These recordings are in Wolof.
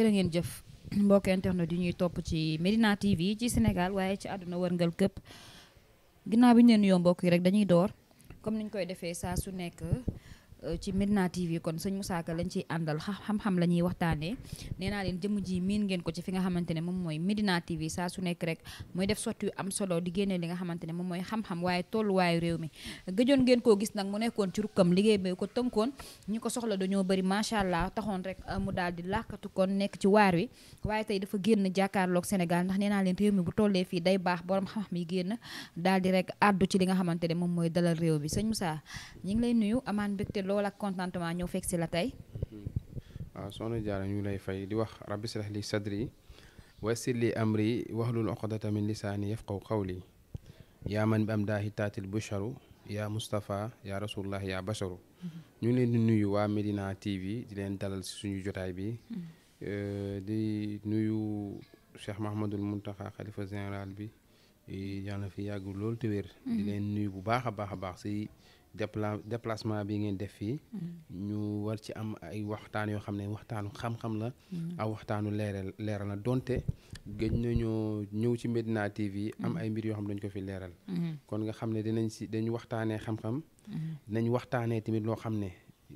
jërë ngeen jëf mbokk internet yi ñuy topp ci Medina TV ci Sénégal waaye ci àdduna wërngal këpp ginnaaw bi ñu leen yoo mbokk yi rek dañuy door comme niñ koy defee saa su nekk ci Medina TV kon sëñ Moussa Ka lañ ciy àndal xam-xam la ñuy waxtaanee leen jëmm ji miin ngeen ko ci fi nga xamante ne moom mooy Medina TV saa su nekk rek mooy def sotti yu am solo di génne li nga ne moom mooy xam-xam waaye tolluwaayu réew mi gëjoon ngeen koo gis nag mu nekkoon ci rukkam liggéey bi ko tënkoon ñi ko soxla dañoo bëri macha allah taxoon rek euh, mu daal di làkkatu kon nekk ci waar wi waaye tey dafa génn jàkkaarloog Sénégal ndax nee naa leen réew mi bu tollee fii day baax borom xam-xam yi génn daal di rek àddu ci li nga xamante ne moom mooy dalal réew bi sëñ Moussa ñi ngi lay nuyu amaan mbégte lool loolu ak contentement ñëw fekk si la tey. Mm-hmm. waaw soxna Diarra ñu lay fay di wax rabbi shrah li sadri waysir li amri wahlul uqdata min lisaani yafqahu qawli yaa man bi am daahi taatil busharu yaa Moustapha yaa rasulullah yaa basharu mm-hmm. ñu leen di nuyu waa Medina TV di leen dalal si suñu jotaay bi. Mm-hmm. Eh, di nuyu Cheikh Mahamadul Muntaxa xalifa général bi eh, yàlla na fi yàgg loolu te di leen nuyu bu baax a baax a baax dépla déplacement bi ngeen def fii. Mm. ñu war ci am ay waxtaan yoo xam ne waxtaanu xam-xam la. Mm. ak waxtaanu leeral leeral la donte gëj nañoo ñëw ci Medina yi am mm. ay mbir yoo xam dañ ko fi leeral. kon nga xam ne dinañ si dañu waxtaanee xam-xam. dinañ waxtaanee tamit loo xam ne.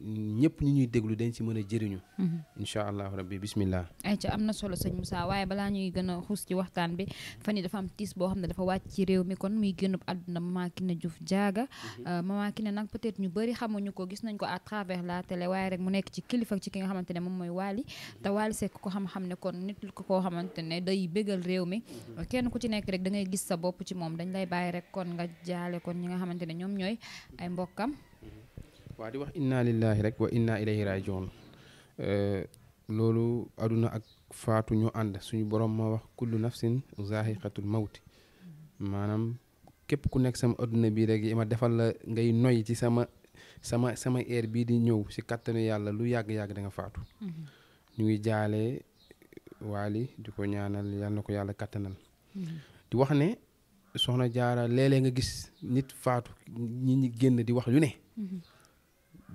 ñëpp ñu ñuy déglu dañ si mën a jëriñu. Mm-hmm. incha allahu rabbi bismillah. ayca am na solo sëñ Moussa waaye balaa ñuy gën a xuus ci waxtaan bi fan yii dafa am tiis boo xam ne dafa wàcc ci réew mi kon muy génn àdduna Mama Kiné Diouf Diaga. Mm-hmm. Euh, Mama Kiné nag peut-être ñu bëri xamuñu ko gis nañ ko à travers la waaye rek mu nekk ci kilifa ci ki nga xamante ne moom mooy Wally mm-hmm. te Wally ko xam-xam ne kon nit ko koo xamante ne day bégal réew mi kenn ku ci nekk rek da ngay gis sa bopp ci moom dañ lay bàyyi rek kon nga jaale kon ñi nga xamante ne ñoom ñooy ay mbokkam waa di wax inna lillahi rek wa inna ilayhi rajiun euh, loolu aduna ak faatu ñoo ànd suñu borom moo wax kullu nafsin zaahiqatul mawti maanaam képp ku nekk sama adduna bi rek yi ma defal la ngay noy ci sama sama sama air bii di ñëw si kattanu yàlla lu yàgg-yàgg danga faatu mm-hmm. ñu ngi jaalee waali di ko ñaanal yàlla na ko yàlla kattanal mm-hmm. di wax ne soxna jaara léeg nga gis nit faatu ñi ñi génn di wax lu ne mm-hmm.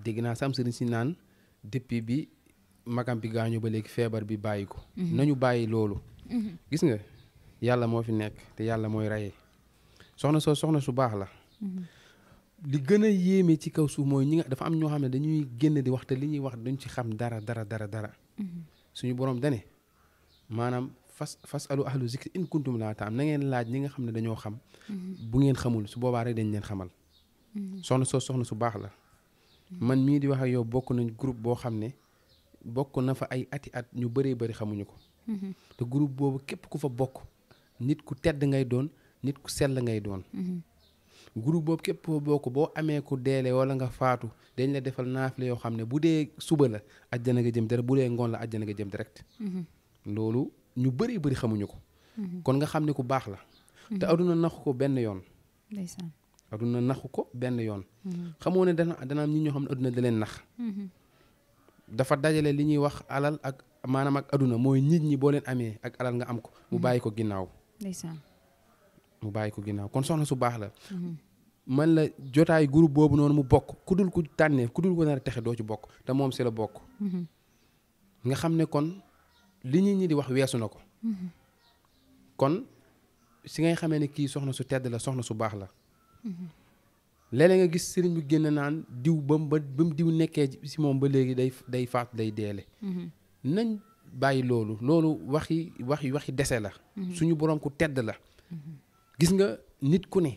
dégg naa sam sëriñ si naan depuis bi magam bi gaañu ba léegi feebar bi bàyyi ko. Mhm. nañu bàyyi loolu. Mhm. gis nga yàlla moo fi nekk te yàlla mooy rayee soxna soo soxna su baax la. Mhm. li gën a yéeme ci kaw suuf mooy ñi nga dafa am ñoo xam ne dañuy génn di wax te li ñuy wax duñ ci xam dara dara dara dara. suñu boroom dane maanaam fas fas alu ahlu zikri in kuntum laa taam na ngeen laaj ñi nga xam ne dañoo xam. bu ngeen xamul su boobaa rek dañ leen xamal. soxna soo soxna su baax la. man mii di wax ak yow bokk nañ groupe boo xam ne bokk na fa ay ati at ñu bëree bari xamuñu ko mm-hmm. te groupe boobu képp ku fa bokk nit ku tedd ngay doon nit ku sell ngay doon mm-hmm. groupe boobu képp fa bokk boo amee ku deele wala nga faatu dañ la defal naafile yoo xam ne bu dee suba la ajjana nga jëm direct bu dee ngoon la ajjana nga jëm direct mm-hmm. loolu ñu bëree bëri xamuñu ko kon nga xam ne ku baax la te aduna nax ko benn yoon aduna naxu ko benn yoon. Mm-hmm. xamoo ne dana dana am ñi ñoo xam ne aduna da leen nax. Mm-hmm. dafa dajale li ñuy wax alal ak maanaam ak aduna mooy nit ñi boo leen amee ak alal nga am ko mu mm-hmm. bàyyi ko ginnaaw. ndeysaan mu bàyyi ko ginnaaw kon soxna su baax la. man la jotaay groupe boobu noonu mu bokk ku dul ku tànnee ku dul ko nar a texe doo ci bokk te moom si la bokk. nga xam ne kon li nit ñi di wax weesu na ko. kon si ngay xamee ne kii soxna su tedd la soxna su baax la. léeg-léeg nga gis sëriñ bi génn naan diw ba mu ba mu diw nekkee si moom ba léegi day day faat day deele nañ bàyyi loolu loolu waxi waxi waxi dese la suñu boroom ku tedd la gis nga nit ku ne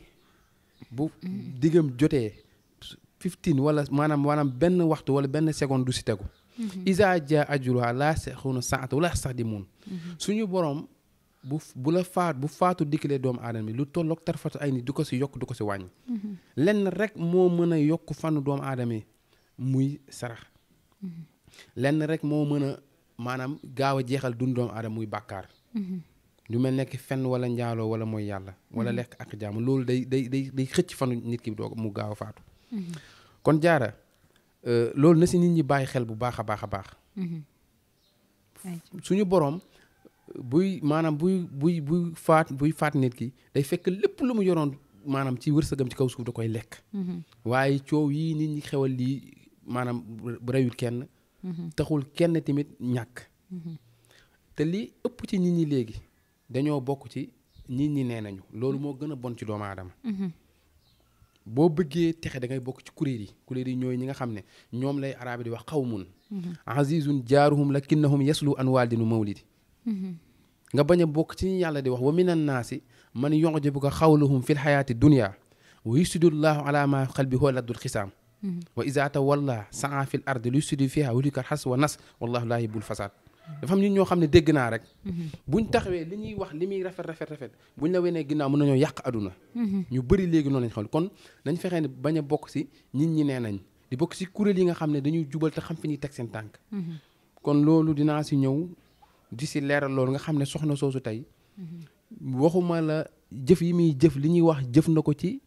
bu diggam jotee fifteen wala maanaam maanaam benn waxtu wala benn seconde du si tegu mhm. isa ja ajruha laa sexuna saata wala sax di mun mhm. suñu boroom bu bu la faat bu faatu dikkalee doomu aadama lu tolloog tarfata ay ni du ko si yokk du ko si wàññi. Mm-hmm. lenn rek moo mën a yokk fanu doomu aadama muy sarax. Mm-hmm. lenn rek moo mën a maanaam gaaw a jeexal dund doomu aadama muy bàkkaar. Mm-hmm. lu mel nekk fenn wala njaaloo wala mooy yàlla. wala lekk ak jaamu loolu day day day day xëcc fanu nit ki doo mu gaaw a faatu. kon jaara euh, loolu na si nit ñi bàyyi xel bu baax a baax a baax. suñu boroom. buy maanaam buy buy buy faat buy faat nit ki day fekk lépp lu mu yoroon maanaam ci wërsëgam ci kaw suuf da koy lekk. Mm-hmm. waaye coow yi nit ñi xewal lii maanaam reyul kenn. Mm-hmm. taxul kenn tamit ñàkk. Mm-hmm. te li ëpp ci nit ñi léegi dañoo bokk ci nit ñi nee nañu loolu moo gën a bon ci doomu aadama. boo bëggee texe da ngay bokk ci kuréel yi kuréel yi ñooy ñi nga xam ne ñoom lay araabi di wax xaw mun. azizun jaaruhum lakinnahum yaslu an waalidinu mawlidi Mm-hmm. nga bañ a bokk ci ñi yàlla di wax wa minan naasi man yujibuka xawluhum fi lxayaati dunia wa yusidu llahu ala ma xalbihi laddul xisaam mm-hmm. wa iza tawalla saa fi l ardi lu yusidu fiha wulikal xas wa nas wallahu laa yuhibbul fasaad mm-hmm. dafa am nit ñoo xam ne dégg naa rek buñ taxawee li ñuy wax li muy rafet rafet rafet buñ la wenee ginnaaw mën nañoo yàq aduna ñu bëri léegi noonu lañ xam kon nañ fexee ne a bokk si nit ñi nee nañ di bokk si kuréel yi nga xam ne dañuy jubal te xam fi ñuy teg seen di si leeral loolu nga xam ne soxna soosu tey waxuma la jëf yi muy jëf li ñuy wax jëf na ko ci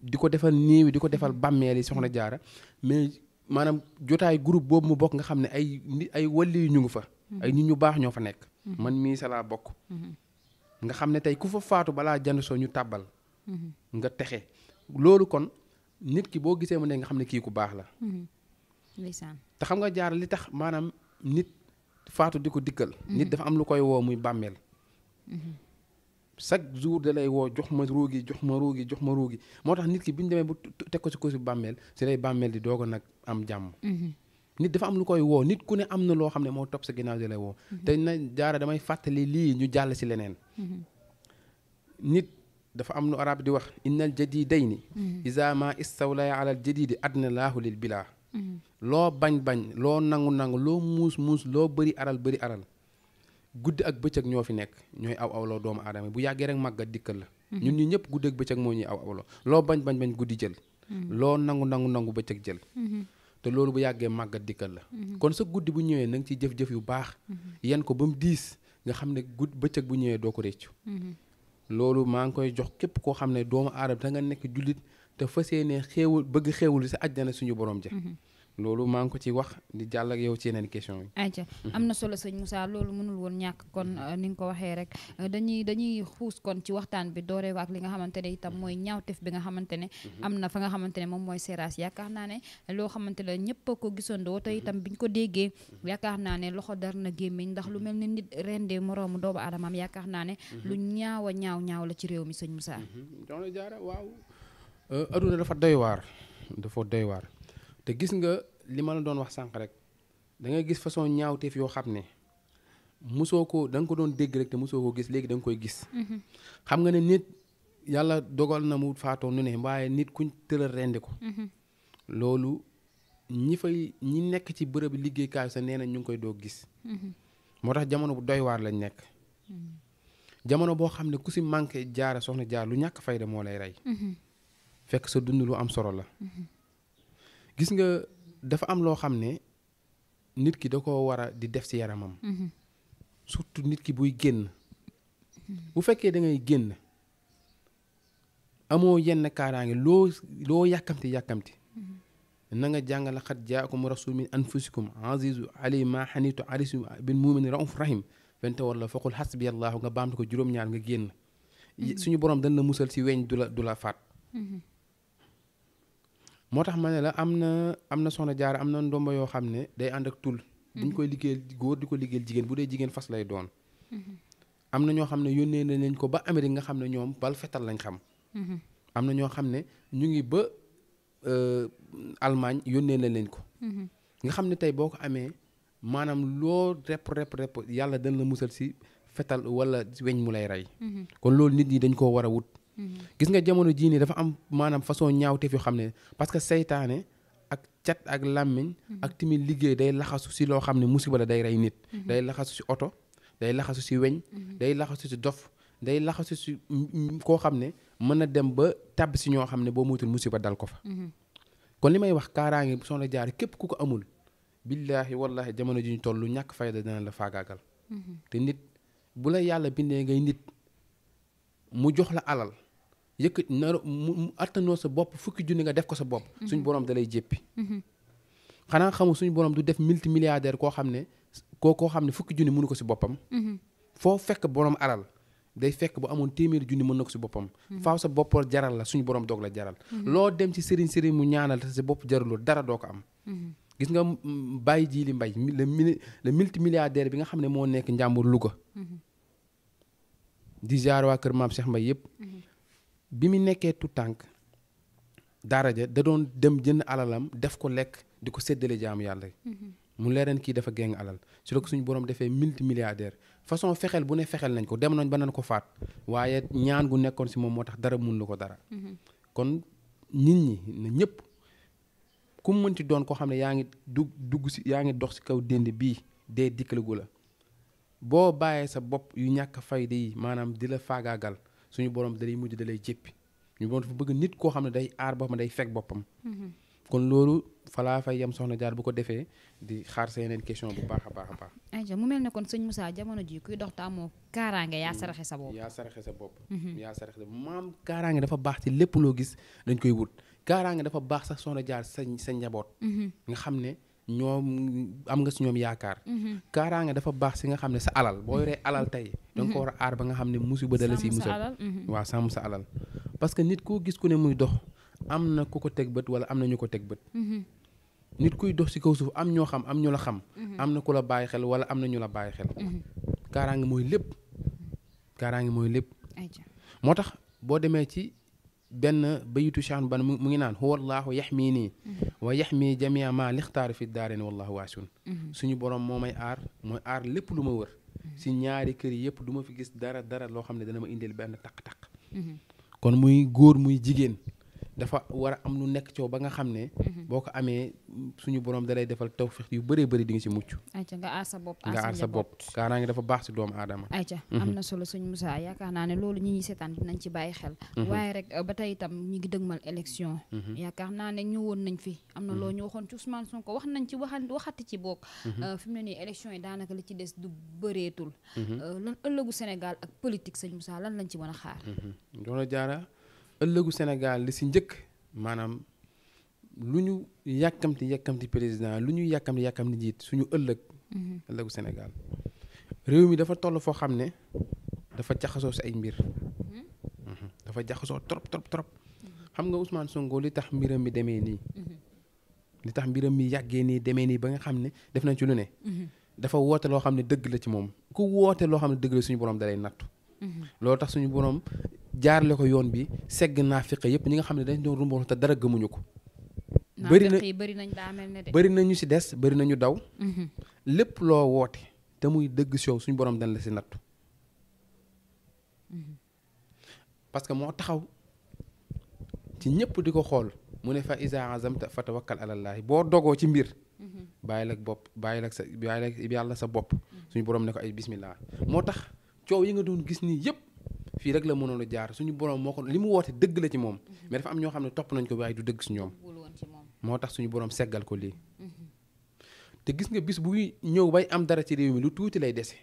di ko defal néew di ko defal bàmmeel yi soxna jaara mais maanaam jotaay groupe boobu mu bokk nga xam ne ay nit ay wàlli yu ñu ngi fa mm-hmm. ay nit ñu baax ñoo fa nekk mm-hmm. man mii sa laa bokk mm-hmm. nga xam ne tey ku fa faatu balaa jant soo ñu tàbbal nga texe loolu kon nit ki boo gisee mu ne nga xam ne kii ku baax la te xam nga jaar li tax maanaam nit faatu di ko dikkal. nit mhm. dafa am lu koy woo muy bàmmeel. Mhm. chaque jour da lay woo jox ma ruugi jox ma ruugi moo tax nit ki bi ñu demee bu teg ko ci ko bàmmeel si lay bàmmeel di doog a nag am jàmm. Mhm. nit dafa am lu koy woo nit ku ne am na loo xam ne moo topp sa ginnaaw di lay woo. te na jaara damay fàttali lii ñu jàll si leneen. nit dafa am lu arab di wax. innal jadidayni. iza ma istawlaya ala al adna laahu bilaa. loo bañ-bañ loo nangu-nangu loo muus muus loo bëri aral bëri aral guddi ak bëccëg ñoo fi nekk ñooy aw awloo doomu aadama bu yàggee rek màggat dikkal la mhm. ñun ñu ñëpp guddi ak moo ñuy aw awloo loo bañ bañ bañ guddi mhm. loo nangu nangu nangu bëccëg jël mhm. te loolu bu yàggee màggat dikkal la kon sa guddi bu ñëwee na ci ciy jëf-jëf yu baax yan ko ba mu diis nga xam ne gudd bëccëg bu ñëwee doo ko réccu loolu maa ngi koy jox képp koo xam ne doomu aadama da nga nekk jullit te fas yéene xéewul bëgg xéewul si àjjana suñu borom ja mhm. loolu maa ngi ko ci wax di jàll yow ci yeneen question yi aca mhm. am na solo sëñ Moussa loolu mënul woon ñàkk kon mhm. ni nga ko waxee rek dañuy dañuy xuus kon ci waxtaan bi dooree ak li nga xamante ne itam mooy ñaawtef bi nga xamante ne am na fa nga xamante ne moom mooy Seras yaakaar naa ne loo xamante la ñëpp ko gisandoo te itam biñ ko déggee yaakaar naa ne loxo dar na gémmiñ ndax lu mel ni nit rendee moroomu doomu aadamaam yaakaar naa ne lu ñaaw a ñaaw ñaaw la ci réew mi sëñ Moussa. Euh, aduna dafa doy waar dafa doy waar te gis nga li ma la doon wax sànq rek da ngay gis façon ñaawteef yoo xam ne musoo ko danga ko doon dégg rek te musoo ko gis léegi danga koy gis. Mhm. xam nga ne nit yàlla dogal na mu faatoo nu ne waaye nit kuñ tëral rendi ko. Mhm. loolu ñi fay ñi nekk ci bërëb liggéeykaay sa nee na ñu ngi koy doo gis. Mhm. moo tax jamono bu doywaar lañ nekk. jamono boo xam ne ku si manqué jaara soxna jaar lu ñàkk fayda moo lay rey. fekk sa dund lu am solo la gis nga dafa am loo xam ne nit ki da ko war di def ci yaramam surtout nit ki buy génn bu fekkee da ngay génn amoo yenn kaaraange loo loo yàkkamti yàkkamti na nga jàngale xat jaakum rasul anfusikum azizu ali ma xanitu arisu bin mumin rauf rahim fente wala faqul xasbi allahu nga baamtu ko juróom-ñaar nga génn suñu borom dañ la musal ci weñ du la du la faat moo tax ma ne la am na am na soxna jaar am na ndomba yoo xam ne day ànd ak tul. bu ñu koy liggéeyal góor di ko liggéeyal jigéen bu dee jigéen fas lay doon. am na ñoo xam ne yónnee na leen ko ba Amérique nga xam ne ñoom bal fetal lañ xam. am na ñoo xam ne ñu ngi ba euh, Allemagne yónnee na leen ko. nga xam ne tey boo ko amee maanaam loo rep rep rep yàlla dañ la musal si fetal wala weñ mu lay rey. Mhm. kon loolu nit ñi dañ koo war a wut. gis nga jamono jii nii dafa am maanaam façon ñaawteef yoo xam ne parce que seytaane ak cat ak làmmiñ ak timit liggéey day laxasu si loo xam ne musiba la day rey nit day laxasu si oto day laxasu si weñ day laxasu ci dof day laxasu si koo xam ne mën na dem ba tàbb si ñoo xam ne boo moytul musiba dal ko fa kon li may wax kaaraange soxna jaar képp ku ko amul billaahi wallaahi jamono ji ñu toll lu ñàkk fayda dana la faagaagal mm-hmm. te nit bu la yàlla bindee ngay nit mu jox la alal yëkkat nar mu attanoo sa bopp fukki junni nga def ko sa bopp. Mhm. suñu borom da lay jéppi. Mhm. xanaa xamul suñu borom du def multimilliardaire koo xam ne koo koo xam ne fukki junni mënu ko si boppam. Mhm. foo fekk borom alal day fekk bu amoon téeméeri junni mën na ko si boppam. faaw sa bopp jaral la suñu borom doog la jaral. loo dem ci sëriñ sëriñ mu ñaanal sa bopp jaralul dara doo ko am. gis nga mm, bàyyi ji li mbay le le multimilliardaire bi nga xam ne moo nekk njàmbur Louga. di jaar waa kër maam Cheikh bi mu nekkee tu tànk daara ja da doon dem jënd alalam def ko lekk di ko seddale jaamu yàlla mm-hmm. mu leereen kii dafa géng alal su la ko suñu borom defee multi milliardaire façon fexeel bu ne fexeel nañ ko dem nañ ba nañ ko faat waaye ñaan gu nekkoon si moom moo tax dara mun lu ko dara mm-hmm. kon nit ñi na ñëpp ku mënti doon koo xam ne yaa ngi dugg dugg si yaa ngi dox si kaw dénd bii dee dikkalagu la boo bàyyee sa bopp yu ñàkk fayda yi maanaam di la faagaagal suñu borom dalay mujj dalay jéppi ñu borom dafa bëgg nit koo xam ne day aar boppam day fekk boppam. Mm-hmm. kon loolu falaa fay yam soxna jaar bu ko defee di xaar sa yeneen question bu baax a baax a baax. ayca mu mel ne kon sëñ Moussa jamono ji kuy dox te amoo kaaraange yaa mm. saraxe sa bopp. yaa saraxe sa bopp. Mm-hmm. sa bopp maam kaaraange dafa baax ci lépp loo gis dañ koy wut kaaraange dafa baax sax soxna jaar sa sa njaboot. Mm-hmm. nga xam ne. ñoom am nga si ñoom yaakaar. Mm-hmm. kaaraange dafa baax si nga xam ne sa alal boo yoree alal mm-hmm. tey. da ko war a aar ba nga xam ne musiba dala si musal mm-hmm. waaw sàmm sa alal parce que nit koo gis ku ne muy dox am na ku ko teg bët wala am na ñu ko teg bët. nit kuy dox si kaw suuf am ñoo xam am ñu la xam. am na ku la bàyyi xel wala am na ñu la bàyyi xel. kaaraange mooy lépp. kaaraange mooy lépp. moo tax boo demee ci benn bayitu Cheikh ban mu ngi naan huwa allahu yaxmii nii mhm. wa yaxmii jamia ma lixtaar fi daarin wallahu waasun mhm. suñu borom moo may aar mooy aar lépp lu ma wër mhm. si ñaari kër yëpp du ma fi gis dara dara loo xam ne dana ma indil benn taq-taq kon muy góor muy jigéen dafa war a am lu nekk coow ba nga xam ne. Mhm. boo ko amee suñu borom da lay defal tawféex yu bëree bëri di nga si mucc. ca nga aar sa bopp nga aar sa bopp kaaraange dafa baax si doomu aadama. ayca mhm. am na solo suñu Moussa yaakaar naa ne loolu ñi ñuy seetaan dinañ ci bàyyi xel. Mhm. waaye rek ba tey ñu ngi dëgmal élection. yaakaar naa ne ñëwoon nañ fi. am na loo ñu waxoon ci Ousmane Sonko wax nañ ci waxan waxati ci boog. Euh, fi mu ne nii yi daanaka li ci des du bëreetul. Euh, lan ëllëgu Sénégal ak politique sëñ Moussa lan lañ ci mën a xaar. ëllëgu Sénégal li si njëkk maanaam lu ñu yàkkamti yàkkamti président lu ñu yàkkamti yàkkamti njiit suñu ëllëg. Mhm. ëllëgu Sénégal réew mi dafa toll foo xam ne dafa jaxasoo si ay mbir. Mhm. Mhm. dafa jaxasoo trop trop trop. xam nga Ousmane Sonko li tax mbiram mi demee nii. li tax mbiram mi yàggee nii demee nii ba nga xam ne def nañ ci lu ne. dafa woote loo xam ne dëgg la ci moom ku woote loo xam ne dëgg la suñu borom dalay nattu. loolu tax suñu borom jaarle ko yoon bi segg naa feqe yëpp ñi nga xam ne dañ doon rumboon te dara gëmuñu ko. bëri na bëri nañ daa mel na ñu si des bëri na ñu daw. Mm-hmm. lépp loo woote te muy dëgg sow suñu borom dañ la si nattu. Mm-hmm. parce que moo taxaw ci ñëpp di ko xool mu ne fa isa ci mbir. Mm-hmm. bàyyil ak bopp bàyyil ak sa bopp. suñu borom ne ko ay bismillah moo tax coow yi nga doon gis nii yëpp. fii rek la mënoon a jaar suñu borom moo ko li mu woote dëgg la ci moom mm-hmm. mais dafa am ñoo xam ne topp nañ ko waaye du dëgg si ñoom moo tax suñu borom seggal ko lii mm-hmm. te gis nga bis buy ñëw bay am dara ci réew mi lu tuuti lay dese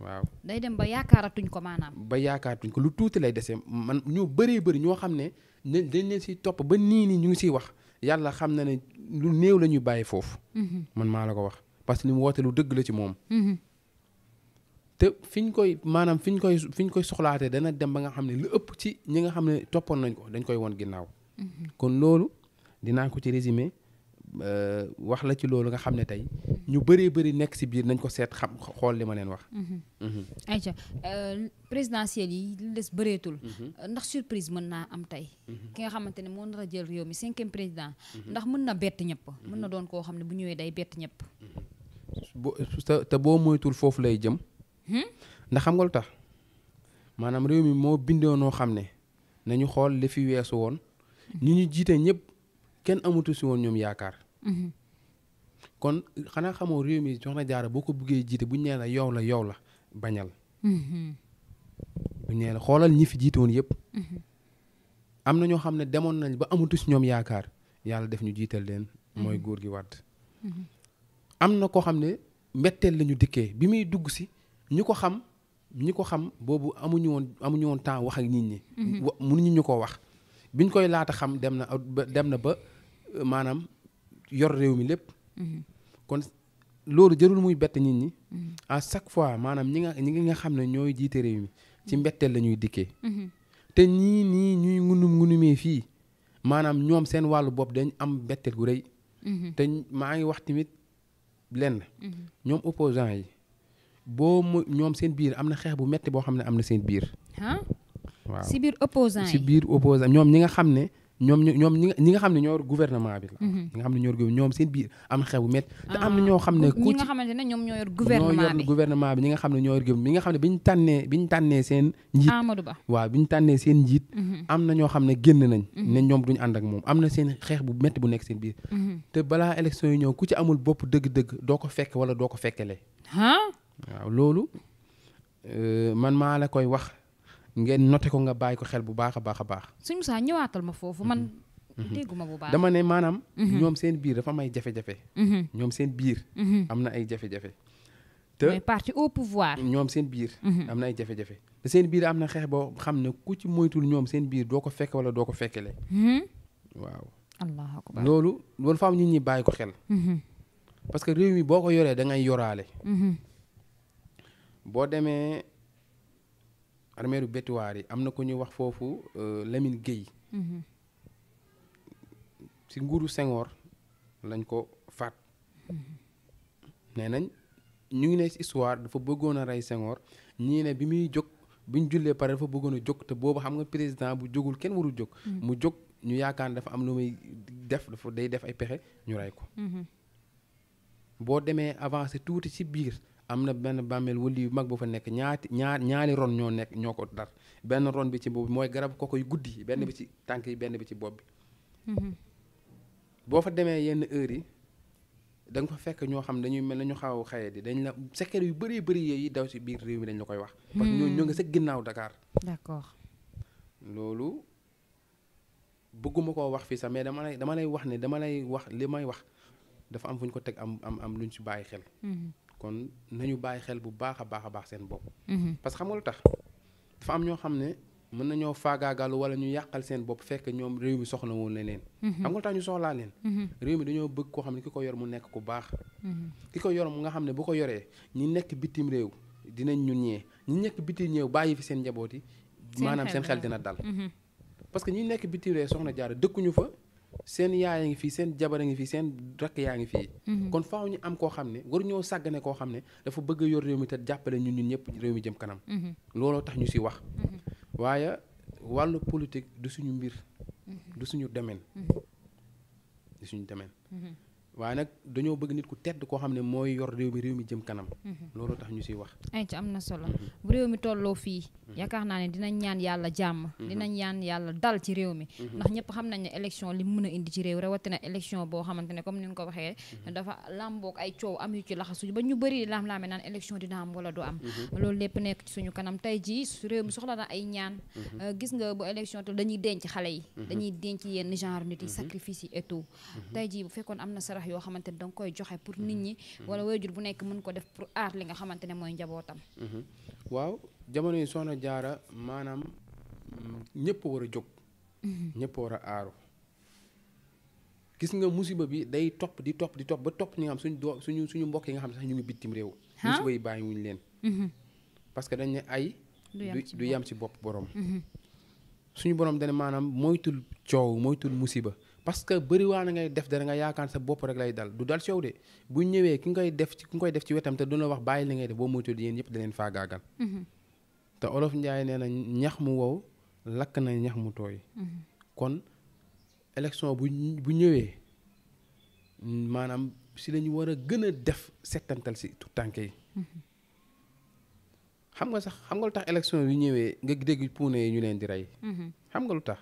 waaw day dem ba yaakaaratuñ ko maanaam ba yaakaaratuñ ko lu tuuti lay dese man ñoo bëree bëri ñoo xam ne dañ si topp ba nii nii ñu ngi siy wax yàlla xam na ne lu néew la ñuy bàyyi foofu mm-hmm. man maa la ko wax parce que li mu woote lu dëgg la ci moom te fi ñu koy maanaam fi ñu koy fi koy soxlaatee dana dem ba nga xam ne lu ëpp ci ñi nga xam ne toppoon nañ ko dañ koy won ginnaaw. Mm-hmm. kon loolu dinaa ko ci résumé euh, wax la ci loolu nga xam ne tey ñu bëree bëri nekk si biir nañ ko seet xam xool li ma leen wax. Mm-hmm. Mm-hmm. ayca euh, présidentielle yi li des bëreetul. Euh, ndax surprise mën naa am tey. ki nga xamante ne moo nar a jël réew mi cinquième président. ndax mën na bett ñëpp. mën na doon koo xam ne bu ñëwee day bett ñëpp. bo te boo moytul foofu lay jëm. ndax xam nga lu tax maanaam réew mi moo bindoo noo xam ne nañu xool li fi weesu woon ñi ñu jiite ñëpp kenn amatu si woon ñoom yaakaar. kon xanaa xamoo réew mi jox na jaara boo ko buggee jiite bu ñu nee la yow la yow la bañal. bu ñu la xoolal ñi fi jiite woon yëpp. am na ñoo xam ne demoon nañ ba amatu si ñoom yaakaar yàlla def ñu jiital leen. mooy góor gi wàdd am na koo xam ne mbetteel lañu ñu dikkee bi muy dugg si. ñu ko xam ñi ko xam boobu amuñu woon amuñu woon temps wax ak nit ñi. Mhm. mënuñu ñu ko wax biñ koy laata xam dem na dem na ba maanaam yor réew mi lépp. Mhm. kon loolu jërul muy bett nit ñi. Mhm. à chaque fois maanaam ñi nga ñi nga xam ne ñooy jiite réew mi ci mbetteel la ñuy dikkee. te ñii nii ñuy ngunum ngunumee fii maanaam ñoom seen wàllu bopp dañ am mbetteel gu rëy. te maa ngi wax tamit lenn. ñoom opposant yi. boo mu ñoom seen biir am na xeex bu metti boo xam ne am na seen biir. waaw si biir opposants yi si biir ñoom ñi nga xam ne. ñoom ñoom ñi nga xam ne ñoo gouvernement bi la. Mhm. ñi nga xam ne ñoo ñoom seen na ah. ñoo xam ne. ñi nga xamante ne ñoom ñoo yor gouvernement bi ñoo yor gouvernement ne ñoo yor bi nga ñu tànnee bi ñu tànnee seen. njiit Ba waaw bi ñu tànnee seen njiit. Mhm. am na ñoo xam ne génn nañ. Mhm. ne ñoom duñu ànd ak moom am na seen xeex bu métti bu nekk seen biir. te balaa élection yi ñëw ku ci amul bopp dëgg-dëgg doo ko fekk wala doo ko fekkele. waaw loolu euh, man maa la koy wax ngeen note ko nga bàyyi ko xel bu baax a baax a baax. suñu saa ñëwaatal ma foofu man. Mhm. Mhm. dégguma bu baax dama ne maanaam. Mhm. ñoom seen biir dafa may jafe-jafe. ñoom seen biir. am na ay jafe-jafe. te mais parti au ñoom seen biir. am na ay seen biir na xeex boo xam ne ku ci moytul ñoom seen biir doo ko fekk wala doo ko fekkele. waaw. allahu akbar loolu fa faaw nit ñi bàyyi ko xel. parce réew mi boo ko yoree da ngay yoraale. boo demee armeeru bétuwaar yi am na ko ñu wax foofu euh, Lamine Guèye ci mm-hmm. nguuru sengoor lañ ko faat mm-hmm. nee nañ ñu ngi ne ci histoire dafa bëggoon rey sengoor ñii ne bi muy jóg bu ñu jullee pare dafa bëggoon a jóg te boobu xam nga président bu jógul kenn warul jóg mm-hmm. mu jóg ñu yaakaar ne dafa am lu muy def dafa day def ay pexe ñu rey ko boo demee avancé tuuti ci biir am na benn bàmmeel wëli yu mag bu fa nekk ñaati ñaar ñaari ron ñoo nekk ñoo ko dar benn ron bi ci boobu mooy garab koko yu guddi yi benn bi ci tànk yi benn bi ci bopp bi mm-hmm. boo fa demee yenn heure yi da fa fekk ñoo xam dañuy mel nañu xaw xaye di dañ la secret yu bëree bëri yi daw ci biir réew mi dañ la koy wax parce que ñoo ñoo ngi sa ginnaaw dakaar d'accord loolu bëgguma koo wax fii sax mais dama lay dama lay wax ne dama lay wax li may wax dafa am fu ñu ko teg am am am lu ñu ci bàyyi xel mm-hmm. kon nañu bàyyi xel bu baax a baax a baax seen bopp. Mm-hmm. parce que xam nga lu tax dafa am ñoo xam ne mën nañoo faagaagalu wala ñu yàqal seen bopp fekk ñoom réew mi soxla woon na leen. Mm-hmm. xam nga lu tax ñu soxlaa leen. Mm-hmm. réew mi dañoo bëgg koo xam ne ki ko yor mu nekk ku baax. ki ko yor mu nga xam ne bu ko yoree ñi nekk bitim réew dinañ ñun ñee ñi nekk bitim réew bàyyi fi seen njaboot yi. maanaam seen xel dina dal. parce que ñi nekk bitim réew soxna jaar dëkkuñu fa. seen yaay a ngi fii seen jabar a ngi fii seen rakk yaa ngi fii mhm. kon faaw ñu am koo xam ne waru ñoo sàggane koo xam ne dafa bëgg a yor réew mi te jàppale ñun ñun ñëpp réew mi jëm kanam mhm. looloo tax ñu si wax mhm. waaye wàllu politique du suñu mbir du suñu domaine du suñu domaine waaye nag dañoo bëgg nit ku tedd koo xam ne mooy yor réew mi réew mi jëm kanam. Mhm. loolu tax ñu siy wax. ay ci am na solo mhm. bu réew mi tolloo fii. Mhm. yaakaar naa ne dinañ ñaan yàlla jàmm. dinañ ñaan yàlla dal ci réew mi. ndax ñëpp xam nañ ne élection li mën a indi ci réew rawatina élection boo xamante ne comme ni nga ko waxee. dafa làmboog ay coow am yu ci laxasuñu ba ñu bëri laam-laame naan élection dina am wala du am. loolu lépp nekk ci suñu kanam tey jii réew mi soxla na ay ñaan. Euh, gis nga bu élection dañuy denc xale yi. dañuy denc yenn genre nit yi sacrifice yi et tout. bu fekkoon am na sarax sarax yoo xamante ne danga koy joxe pour mhm. nit ñi mhm. wala waajur bu nekk mën ko def pour aar li nga xamante ne mooy njabootam mhm. waaw jamono yi soxna jaara maanaam mm, ñëpp war a jóg ñëpp war a aaru gis nga musiba bi day topp di topp di topp ba topp ñu nga xam suñu doo suñu suñu mbokk yi nga xam ne sax ñu ngi bitim réew musiba yi bàyyi wuñu leen parce que dañ ne ay du yam ci bopp borom suñu borom dañ maanaam moytul coow moytul musiba parce que bëri waa na ngay def dara nga yaakaar sa bopp rek lay dal du dal sow de bu ñëwee ki ngay def ci ki koy def ci wetam te du la wax bàyyi li ngay def boo moytuwul mhm. te olof Njaay nee na ñax mu wow lakk na ñax mu tooy mhm. kon élection bu bu ñëwee maanaam si la war a gën a def settantal si tout yi mhm. nga sax xam nga tax élection yu ñëwee nga dégg puune yi ñu leen di rey xam nga lu tax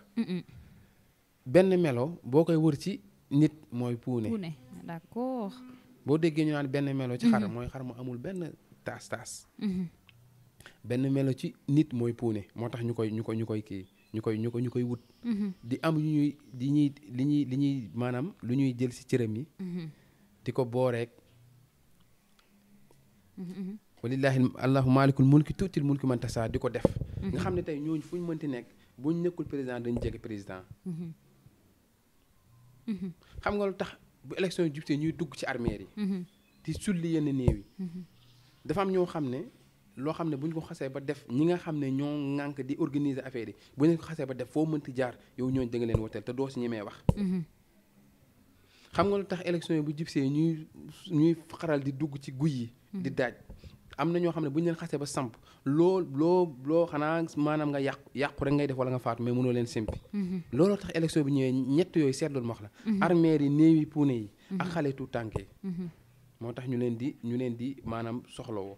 benn melo boo koy wër ci nit mooy puune. puune d'accord. boo déggee ñu naan benn melo ci xar mhm. mooy xar mu amul benn taas taas. Mhm. benn melo ci nit mooy puune moo tax ñu koy ñu koy ñu koy kii ñu koy ñu ñu koy wut. Mhm. di am yu di ñuy li ñuy li ñuy maanaam lu ñuy jël ci cëram yi. di ko booreek. walillaahi allahu maalikul mulki tuutil mulki man tasaa di ko def. nga xam ne tey ñooñu fu ñu mënti nekk bu ñu nekkul président dañu jege président. xam nga lu tax bu élection yi jubtee ñuy dugg ci armeer yi mhm. di sulli yenn néew yi mhm. dafa am ñoo xam ne loo xam ne bu ñu ko xasee ba def ñi nga xam ne ñoo ŋànk di organiser affaire yi bu ñu ko xasee ba def foo mënti jaar yow ñooñu da nga leen woteel te doo si ñemee wax mhm. xam nga lu tax élection yi bu jubsee ñuy ñuy xaral di dugg ci guy yi di daaj am na ñoo xam ne bu ñu leen xasee ba samp loo loo loo xanaa maanaam nga yàqu yàqu rek ngay def wala nga faatu mais mënoo leen simpi mm-hmm. looloo tax élection bi ñëwee ñett yooyu seetloon ma wax la mm-hmm. armeer yi néew yi puune yi mm-hmm. ak xale ñu leen di ñu leen di maanaam soxlawoo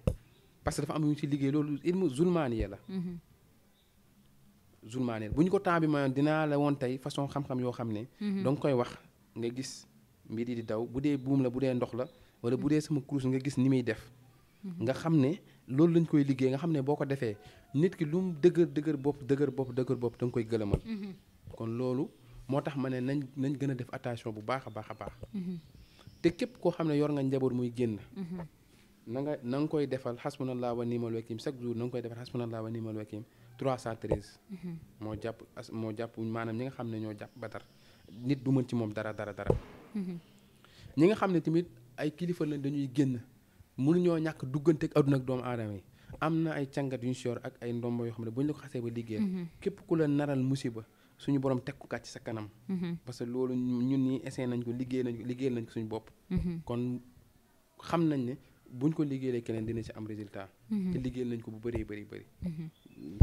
parce que dafa am ñu ci liggéey loolu ilmu zulmaaniya la zulmaaniya la bu ñu ko temps bi mayoon dinaa la woon tey façon xam-xam yoo xam ne danga koy wax nga gis mbir yi di daw bu dee buum la bu dee ndox la wala bu dee sama kurus nga gis ni muy def nga xam ne loolu lañ koy liggéey nga xam ne boo ko defee nit ki lu mu dëgër dëgër bopp dëgër bopp dëgër bopp da nga koy gëlëmal. Mm-hmm. kon loolu moo tax ma ne nañ nañ gën a def attention bu baax a baax a baax. Mm-hmm. te képp koo xam ne yor nga njaboot muy génn. Mm-hmm. na nga na nga koy defal xasbunallah wa niimal wakiim chaque jour na nga koy defal xasbunallah wa niimal wakiim 313. moo jàpp moo jàpp maanaam ñi nga xam ne ñoo jàpp Badar nit du mën ci moom dara dara dara. ñi nga xam ne tamit ay kilifa lañ dañuy génn. mënuñoo ñàkk duggante ak àdduna ak doomu aadama yi am na ay càngat yu ñu si yor ak ay ndombo yoo xam ne bu ñu la ko xasee ba liggéey mhm. képp ku la naral musiba suñu borom teg ko ci sa kanam mhm. parce que loolu ñun ñi essayé nañ ko liggéeyal nañ ko suñu bopp mhm. kon xam nañ ne buñ ko liggéeyee keneen dina ci am résultat te liggéeyal nañ ko bu bëree bëri bëri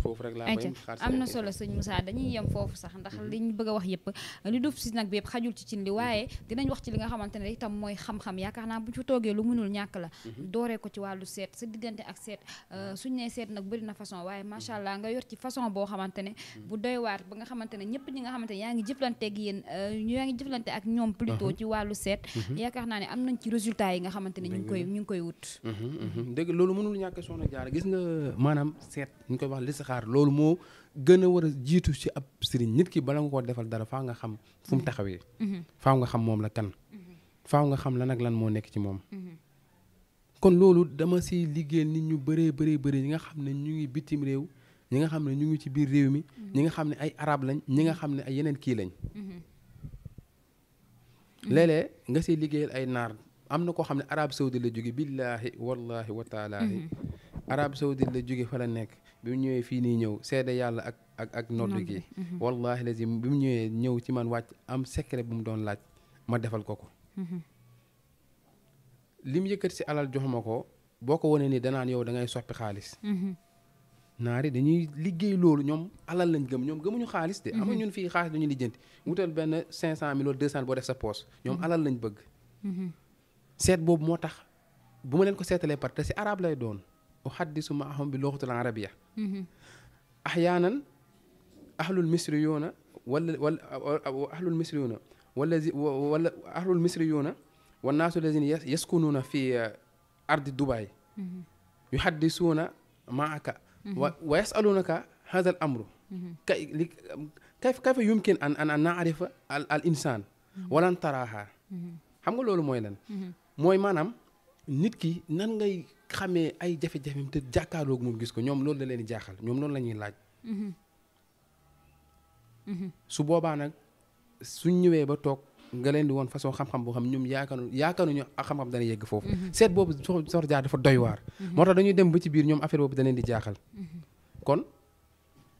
foofu rek laa may am na solo sëñ Moussa dañuy yem sax ndax mhm. liñ bëgg wax yëpp li si nag bi yëpp ci cin li waaye dinañ wax ci li nga xamante ne itam mooy xam-xam yaakaar naa bu ñu fa toogee lu mënul ñàkk la mhm. dooree ko ci wàllu seet sa diggante ak seet euh, ah. suñ nee seet nag bëri na façon waaye mhm. macha allah nga yor ci façon boo xamante ne bu doy ba nga xamante ne ñëpp ñi nga xamante ne yaa ngi jëflante ak yéen euh, yaa ngi jëflante ak ñoom plutôt seet yaakaar naa ne am nañ ci résultat yi nga xamante ne ñu ngi koy ñu ngi koy wut dëgg loolu mënul ñàkk soxna jaar gis nga maanaam seet ñu koy wax listixaar loolu moo gën a war jiitu ci ab sëriñ nit ki bala nga koo defal dara faaw nga xam fu mu taxawee mm-hmm. faaw nga xam moom la kan faaw nga xam lan ak lan moo nekk ci moom kon loolu dama si liggéey nit ñu bëree bëree bëri ñi nga xam ne ñu ngi bitim réew ñi nga xam ne ñu ngi ci biir réew mi mm-hmm. ñi nga xam ne ay arab lañ ñi nga xam ne ay yeneen kii lañ mm-hmm. léeg nga siy liggéeyal ay naar am na koo xam ne arab saudi la jóge billaahi wallaahi wa taalaahi arab nekk bi mu ñëwee fii nii ñëw seede yàlla ak ak ak noddu gi mhm. wallahi lazim bi mu ñëwee ñëw ci man wàcc am secret bu mu doon laaj ma defal ko ko mhm. li mu yëkkati si alal jox ma ko boo ko wanee ni danaan yow da ngay soppi xaalis mhm. naari dañuy liggéey loolu ñoom alal lañ gëm ñoom gëmuñu xaalis de ama ñun fii xaalis dañuy lijjanti wutal benn cinq cent mille wala deux cent sa poos ñoom alal lañ bëgg seet boobu moo tax bu ma leen ko seetalee pare te si arab lay doon uhaddisu maahum bi Mm-hmm. ahyaanan ahlul misriyuuna wala wala uh, uh, ahlul misriyuuna wala wala ahlul misriyuuna wannaasu lazina yaskunuuna fi uh, ardi dubaay mm-hmm. yuhaddisuuna maaka wa mm-hmm. yasaluunaka hada al amru um, kayfa kayfa yumkin an an naarifa al insaan walan taraaha xam nga loolu mooy lan mooy maanaam nit ki nan ngay xamee ay jafe-jafem te jàkkaarloog moom gis ko ñoom loolu la leen di jaaxal ñoom loolu la ñuy laaj. Mm-hmm. su boobaa nag suñ ñëwee ba toog nga leen di woon façon xam-xam boo xam ñoom yaakaaru yaakaaruñu ak xam-xam dana yegg foofu. Mm-hmm. seet boobu sox jaar dafa doy waar. Mm-hmm. moo tax dañuy dem ba ci biir ñoom affaire boobu da leen di jaaxal. kon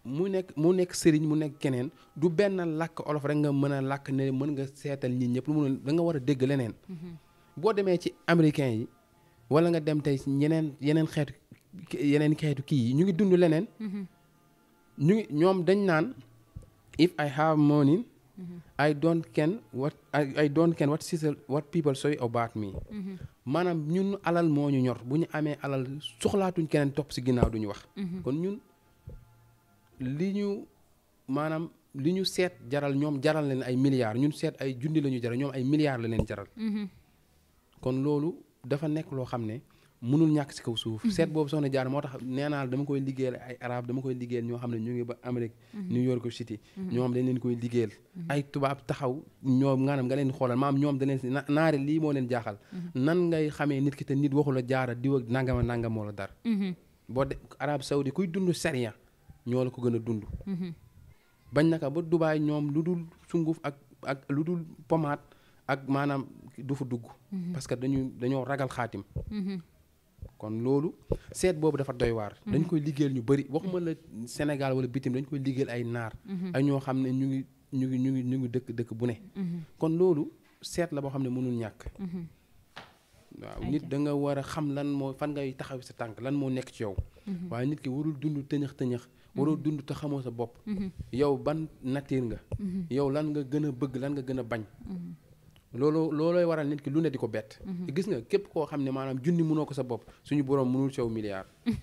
mu nekk mu nekk sëriñ mu nekk keneen du benn làkk olof rek nga mën a làkk ne mën nga seetal ñi ñëpp lu mu da war a dégg leneen. boo demee ci américain yi. wala nga dem tey si yeneen yeneen xeetu yeneen xeetu kii yi ñu ngi dund leneen. Mm-hmm. ñu ngi ñoom dañ naan if I have money. Mm-hmm. I don't care what I don't care what what people say about me. Mm-hmm. maanaam ñun alal moo ñu ñor bu ñu amee alal soxlaatuñ keneen topp si ginnaaw duñu wax. kon ñun li ñu maanaam li ñu seet jaral ñoom jaral leen ay milliards ñun seet ay junni la ñu jaral ñoom ay milliards la leen jaral. kon loolu. dafa nekk loo xam ne mënul ñàkk si kaw suuf mhm. seet boobu soxna jaar moo tax nee naa dama koy liggéeyal ay ne ñu ngi ba Amérique mhm. New York City mhm. ñoo xam dañ leen koy liggéeyal ay tubaab taxaw ñoom maanaam nga leen xoolal maam ñoom da leen si naari lii moo leen jaaxal nan ngay xamee nit ki te nit waxula jaara diw ak nangama nangam moo la dar boo de arabe saoudi kuy dund sariya ñoo la ko gën a dund bañ naka ba Dubaay ñoom lu dul sunguf ak ak lu dul pomaat ak maanaam du fa dugg. Mhm. parce que dañu dañoo ragal xaatim. Mhm. kon loolu seet boobu dafa doy waar. Mhm. dañ koy liggéeyal ñu bëri waxuma la Sénégal wala bitim dañ koy liggéeyal ay naar. ay ñoo xam ne ñu ngi ñu ngi ñu ngi ñu dëkk dëkk bu ne. kon loolu seet la boo xam ne mënul ñàkk. waaw nit da nga war a xam lan moo fan ngay taxaw sa tànk lan moo nekk ci yow. waaye nit ki warul dund tëñëx tëñëx. waroo dund te xamoo sa bopp. yow ba nature nga. yow lan nga gën a bëgg lan nga gën a looloo loolooy waral nit ki lu ne di ko bett. Mhm. gis nga képp koo xam ne maanaam junni mënoo ko sa bopp suñu borom mënul sew milliard.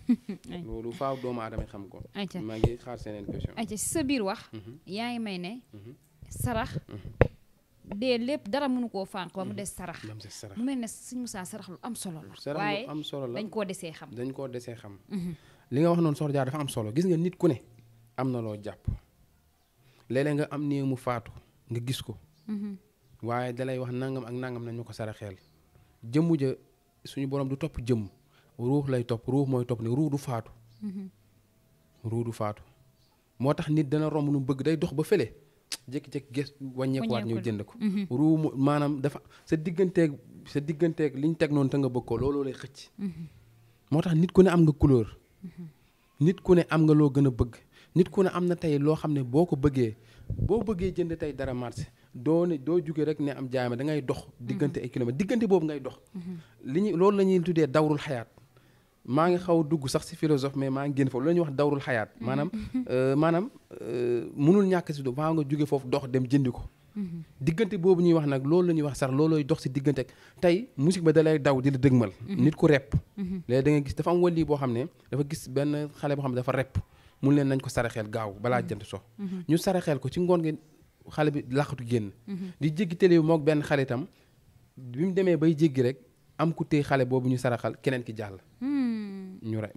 loolu faaw doomu aadama xam ko. maa ngi xaar seeneen question. sa biir wax. Mhm. yaa ngi may ne. Mhm. sarax. dee lépp dara mënu koo fànq ba mu des sarax. mu mel ne suñu musaa sarax lu am solo la. sarax lu am solo la dañ koo desee xam. dañ koo desee xam. li nga wax noonu soxna Diarra dafa am solo gis nga nit ku ne am na loo jàpp léeg-léeg nga am néew mu faatu nga gis ko. waaye dalay wax nangam ak nangam nañ ma ko saraxeel jëmm ja suñu borom du topp jëmm ruux lay topp ruux mooy topp ne ruux du faatu mm-hmm. ruux du faatu moo tax nit dana romb nu bëgg day dox ba fële jékki-jékki ges wàññeekuwaat ñëw jënd ko mm-hmm. ruux mu maanaam dafa sa digganteeg sa digganteeg liñ teg noonu te nga bëgg ko looloo lay xëcc mm-hmm. moo tax nit ku ne am nga couleur nit ku ne am nga loo gën a bëgg nit ku ne am na tey loo xam ne boo ko bëggee boo bëggee jënd tey dara marché doo ne doo jóge rek ne am jaame da ngay dox diggante mhm. ay kilomètres diggante boobu ngay dox mhm. li ñu loolu la tuddee dawrul xayaat maa ngi xaw dugg sax si philosophe mais maa ngi génn foofu loolu la ñuy wax dawrul xayaat mhm. maanaam euh, maanaam euh, mënul ñàkk si do faa nga jóge foofu dox dem jëndi ko diggante boobu ñuy wax nag loolu la ñuy wax sax loolooy dox si diggante ak tey musique ba da daw di la dëgmal nit ku repp léegi da nga gis dafa am wàll boo xam ne dafa gis benn xale boo xam ne dafa repp mun leen nañ ko saraxeel gaaw balaa jant so xale bi laqatu génn. Mhm. di jéggi télé bi moog benn xaritam bi mu demee bay jéggi rek am ku téye xale boobu ñu saraxal keneen ki jàll. Hmm. ñu rey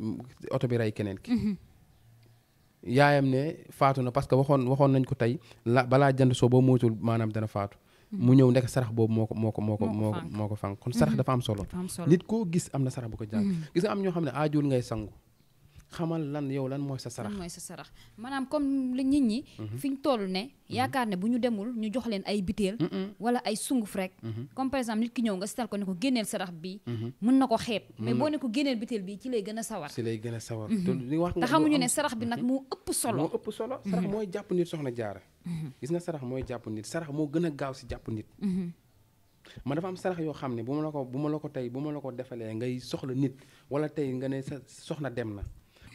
oto bi rey keneen ki. Mhm. yaayam ne faatu na parce que waxoon waxoon nañ ko tey la balaa jant soo boo moytul maanaam dana faatu. Mhm. mu ñëw nekk sarax boobu moo ko moo ko moo ko moo ko moo ko fànq kon sarax dafa am solo. nit koo gis am na sarax bu ko jàng. gis nga am ñoo xam ne aajul ngay sangu. xamal lan yow lan mooy sa sarax lan mooy sa maanaam comme li nit ñi. Mhm. fi ñu toll ne. yaakaar ne bu ñu demul ñu jox leen ay biteel. Mhm. Mhm. wala ay sunguf rek. comme par exemple nit ki ñëw nga sital ko ne ko génneel sarax bi mën na ko xeeb. mais boo ne ko génneel biteel bi ci lay gën a sawar. ci lay gën a sawar. te wax nga xamuñu ne sarax bi nag moo ëpp solo. solo sarax mooy jàpp nit soxna jaara. gis nga sarax mooy jàpp nit sarax moo gën a gaaw si jàpp nit. man dafa am sarax yoo xam ne bu ma la ko bu ma la ko tey bu ma la ko defalee ngay soxla nit wala tey nga ne sa soxna dem na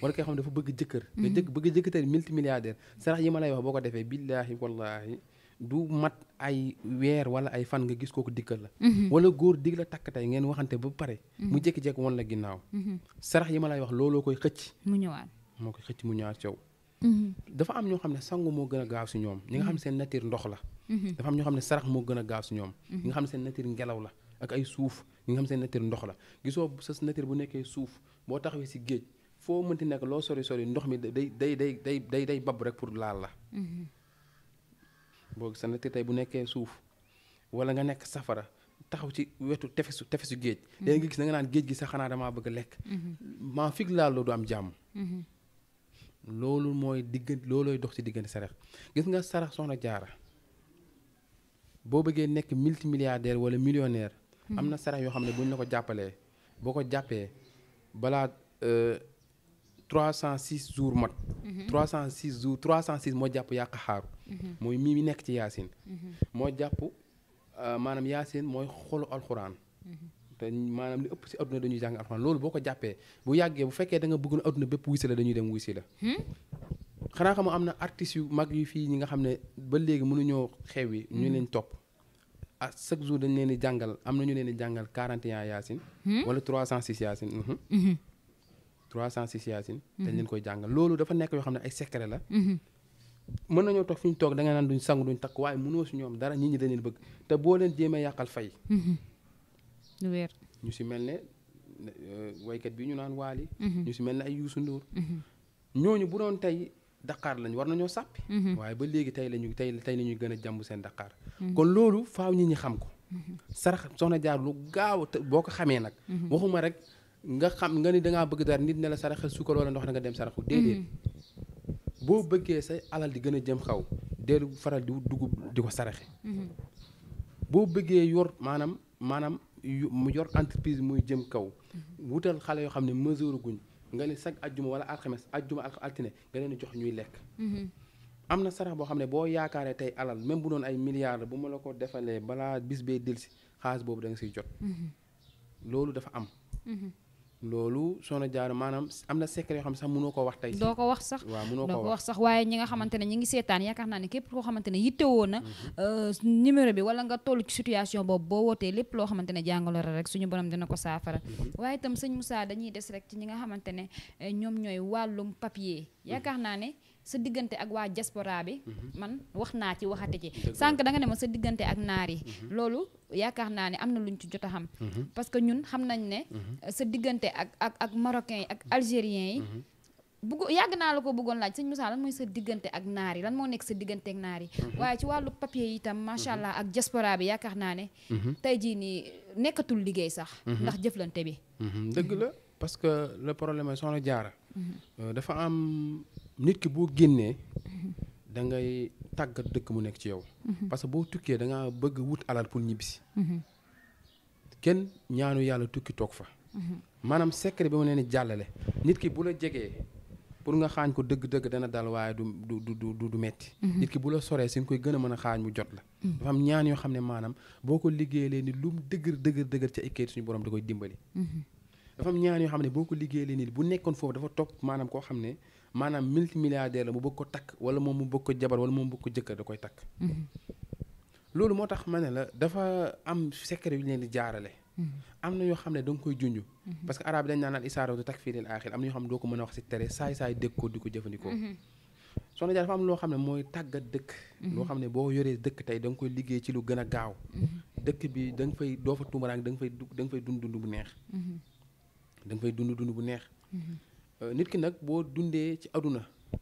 wala koo xam ne dafa bëgg jëkkër nga mm-hmm. jëkk bëgg jëkkër tey multimilliardaire sarax yi ma lay wax boo ko defee billaahi wallaahi du mat ay weer wala ay fan nga gis kooku dikkal la mm-hmm. wala góor dig la takk tey ngeen waxante ba pare mm-hmm. mu jékki-jékki woon la ginnaaw sarax yi ma lay wax looloo koy xëcc mu ñëwaat moo koy mu ñëwaat coow dafa am ñoo xam ne sangu moo gën a gaaw si ñoom ñi nga xam ne seen nature ndox la dafa am ñoo xam ne sarax moo gën a gaaw si ñoom ñi nga xam ne la ak ay suuf ñi nga xam la gisoo sa nature bu nekkee suuf boo taxawee si foo mënti nekk loo sori sori ndox mi day day day day day day bab rek pour laal la. Mm-hmm. boo gis na te tey bu nekkee suuf wala nga nekk safara taxaw ci wetu tefesu tefesu géej. Mm-hmm. léegi nga gis na nga naan géej gi sax xanaa damaa bëgg a lekk. Mm-hmm. maa fig laal loo du am jàmm. loolu mooy diggante loolooy dox ci diggante sarax gis nga sarax soxna jaara boo bëggee nekk multimilliardaire wala millionnaire. am na sarax yoo xam ne buñ la ko jàppalee boo ko jàppee balaa. Euh, 306 jours mat. 306 mhm. jours 306 moo jàpp yàq xaaru. Mhm. mooy mii mi nekk ci yaasin. Mhm. moo jàpp euh, maanaam yaasin mooy xolu alxuraan. te maanaam li ëpp si adduna dañuy jàng alxuraan loolu boo ko jàppee bu yàggee bu fekkee da nga bëggoon adduna bépp wuy si la dañuy dem wuy si la. Hmm? xanaa xam am na artistes yu mag yu fii ñi nga xam ne ba léegi mënuñoo xew yi ñu hmm. leen topp. ah chaque jour dañ leen di jàngal am na ñu leen di jàngal 41 yaasin. ya 306 yaasin. 306 yaasin. Mhm. dañ leen koy jàngal loolu dafa nekk yoo xam ne ay secret la. Mhm. mën nañoo toog fi ñu toog da nga naan duñ sangu duñ takk waaye mënoo si ñoom dara nit ñi dañ leen bëgg te boo leen jéemee yàqal fay. Mhm. lu wér ñu si mel ne euh, waykat bi ñu naan waali. ñu si mel ne ay Youssou Ndour. ñooñu bu doon tey Dakar lañ war nañoo sàppi. waaye ba léegi tey lañu tey tey la ñuy gën a jàmb seen Dakar. kon loolu faaw nit ñi xam ko. sarax soxna jaar lu gaaw boo ko xamee nag. waxuma rek. nga xam nga ni dangaa bëgg dara nit ne la saraxal suukar wala ndox na nga dem saraxu mm-hmm. déedéet boo bëggee say alal di gën a jëm xaw déeru faral di dugub di ko saraxe mm-hmm. boo bëggee yor maanaam maanaam mu yor entreprise muy jëm kaw mm-hmm. wutal xale yoo xam ne mesure guñ nga ni sag ajjuma wala alxames ajjuma ak altine nga leen jox ñuy lekk am na sarax boo xam ne boo yaakaaree tey alal même bu doon ay milliards bu ma la ko defalee balaa bis bee delsi xaalis boobu danga nga jot loolu soxna Diarra maanaam am na secret yoo xam ne sax mënoo ko wax tey. doo ko wax sax waaw mënoo ko wax sax waaye ñi nga xamante ne ñi ngi seetaan yaakaar naa ne képp koo xamante ne yittewoo na mhm. euh, numéro bi wala nga toll ci situation boobu boo wootee lépp loo xamante ne jàngoro rek suñu borom dina ko saafara mhm. waaye itam sëñ Moussa dañuy des rek ci ñi nga xamante ne eh, ñoom ñooy wàllum papier mhm. yaakaar naa ne sa diggante ak waa diaspora bi. Mhm. man wax naa ci waxate ci. sànq da nga ne ma sa diggante ak naar yi. Mhm. loolu yaakaar naa ne am na luñ ci jot a xam. Mhm. parce que ñun xam nañ ne. sa diggante ak ak ak marocains yi ak algériens yi. bugg yàgg naa la ko bëggoon laaj sëñ Moussa lan mooy sa diggante ak naar yi lan moo nekk sa diggante ak naar yi. waaye ci wàllu papier yi itam macha allah ak diaspora bi yaakaar naa ne. tey jii nii nekkatul liggéey sax. ndax jëflante bi. dëgg la parce que le problème mooy soxna nit ki boo génnee mhm. da ngay tàggat dëkk mu nekk ci yow. Mhm. parce que boo tukkee da bëgg wut alal pour ñibbisi. Mhm. kenn ñaanu yàlla tukki toog fa. maanaam secret bi ma leen jàllale. nit ki bu la jegee pour nga xaañ ko dëgg-dëgg dana dal waaye du du du du metti nit ki bu la soree si nga koy gën a mën a xaañ mu jot la. dafa am ñaan yoo xam ne maanaam boo ko liggéeyee ni lu mu dëgër dëgër dëgër ci ay kayit suñu borom da koy dimbali. dafa am ñaan yoo xam ne boo ko ni bu nekkoon foofu dafa topp maanaam koo xam ne. maanaam multimilliardaire la mu bëgg ko takk wala moom mu bëgg ko jabar wala moom mu jëkkër da koy takk. Mm-hmm. loolu moo tax ma ne la dafa am secret yu ñu leen di jaarale. Mm-hmm. am na yoo xam ne da koy junj. Mm-hmm. parce que arab dañ naan al isaaratu takfiiril aaxir am na yoo xam ne doo ko mën a wax si tere saay saay dégg ko di ko jëfandikoo. soxna Dia dafa am loo xam ne mooy tàggat dëkk. loo xam ne boo yoree dëkk tey da nga koy liggéey ci lu gën a gaaw. dëkk bi danga nga fay doo fa tuumaraang da nga fay da nga fay dund bu neex. da dund dund bu neex. Euh, nit ki nag boo dundee ci aduna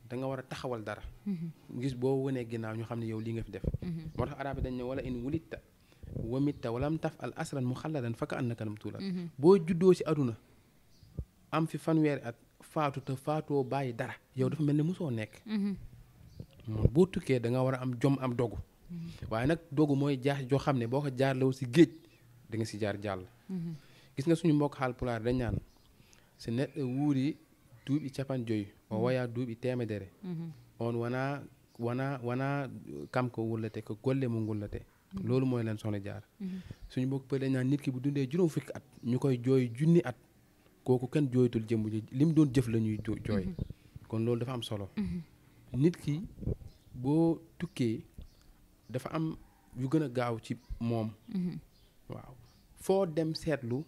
da war a taxawal dara mm-hmm. gis boo wonee ginnaaw ñu xam ne yow lii nga fi def mm-hmm. moo tax arab yi dañ ne wala in wulitta wamitta walam taf al asran mu xalladan faka annaka lam mm-hmm. boo juddoo ci aduna am fi fanweeri at faatu faatoo bàyyi dara yow dafa mel ne mosoo nekk boo tukkee da nga war am jom am dogu waaye nag dogu mooy jaax joo xam ne boo ko jaarlaw si géej da si jaar jàll gis nga suñu mbokk xaal dañ naan si wuuri duuɓi capan joyi o mm-hmm. waya duuɓi temedere mm-hmm. on wona wona wona kamko wullete ko golle mum gullete mm-hmm. loolu mooy leen soxna jaar suñu bokk pël dañ naan nit ki bu dundee juróom fukki at ñu koy jooy junni at kooku kenn jooytul jëmm ji li mu doon jëf la ñuy jooy kon loolu dafa am solo nit ki boo tukkee dafa am yu gën a gaaw ci moom waaw foo dem seetlu